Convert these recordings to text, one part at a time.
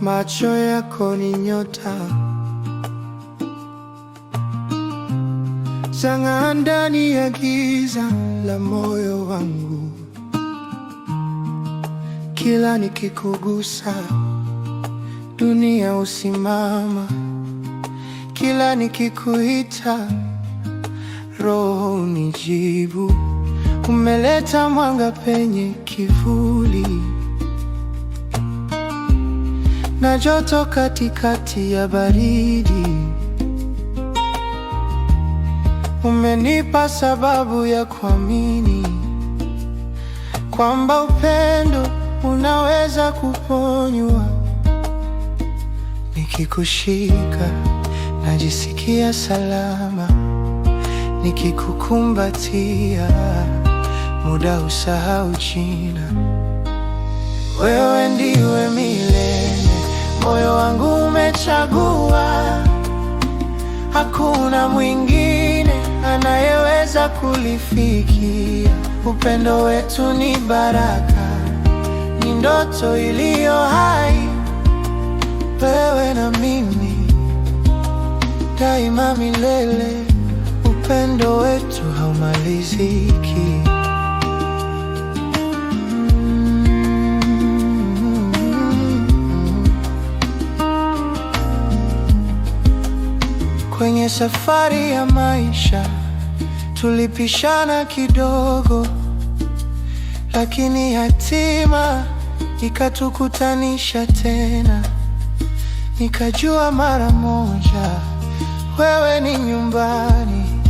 macho yako ni nyota, sanga ndani ya giza la moyo wangu, kila nikikugusa dunia usimama, kila nikikuita roho unijibu, umeleta mwanga penye kivuli na joto katikati ya baridi. Umenipa sababu ya kuamini kwamba upendo unaweza kuponywa. Nikikushika najisikia salama, nikikukumbatia muda usahau jina. Wewe ndiwe milele kuchagua. hakuna mwingine anayeweza kulifikia. Upendo wetu ni baraka, ni ndoto iliyo hai, wewe na mimi daima milele. Upendo wetu haumaliziki. Kwenye safari ya maisha tulipishana kidogo, lakini hatima ikatukutanisha tena. Nikajua mara moja wewe ni nyumbani,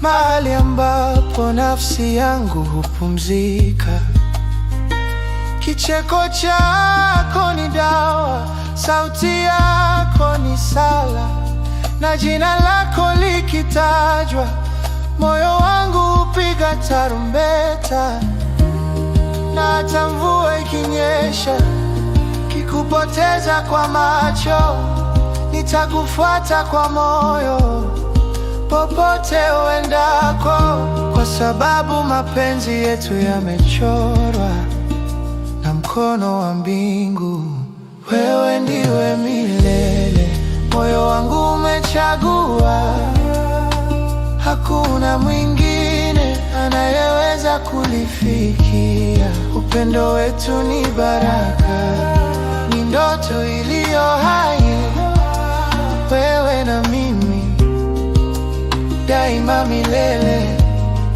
mahali ambapo nafsi yangu hupumzika. Kicheko chako ni dawa, sauti yako ni sala, na jina lako likitajwa, moyo wangu hupiga tarumbeta, na hata mvua ikinyesha, kikupoteza kwa macho, nitakufuata kwa moyo popote uendako, kwa sababu mapenzi yetu yamechorwa mkono wa mbingu, wewe ndiwe milele. Moyo wangu umechagua, hakuna mwingine anayeweza kulifikia. Upendo wetu ni baraka, ni ndoto iliyo hai, wewe na mimi daima milele.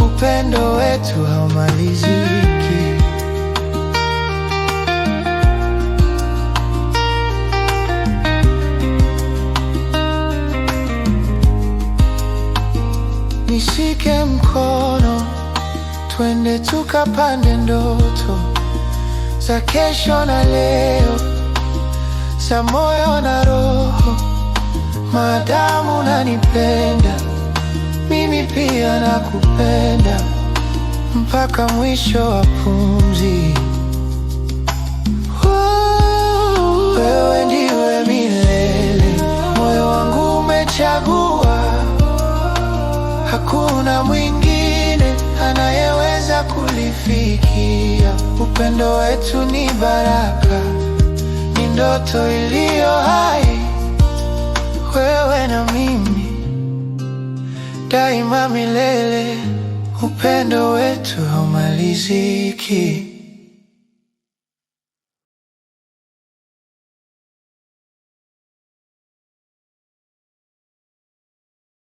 Upendo wetu haumalizi twende tukapande ndoto za kesho na leo, za moyo na roho. Maadamu nanipenda mimi, pia nakupenda mpaka mwisho wa pumzi. Wewe ndiwe milele, moyo wangu umechagua, hakuna mwingine anaye tunaweza kulifikia. Upendo wetu ni baraka, ni ndoto iliyo hai, wewe na mimi daima milele. Upendo wetu haumaliziki.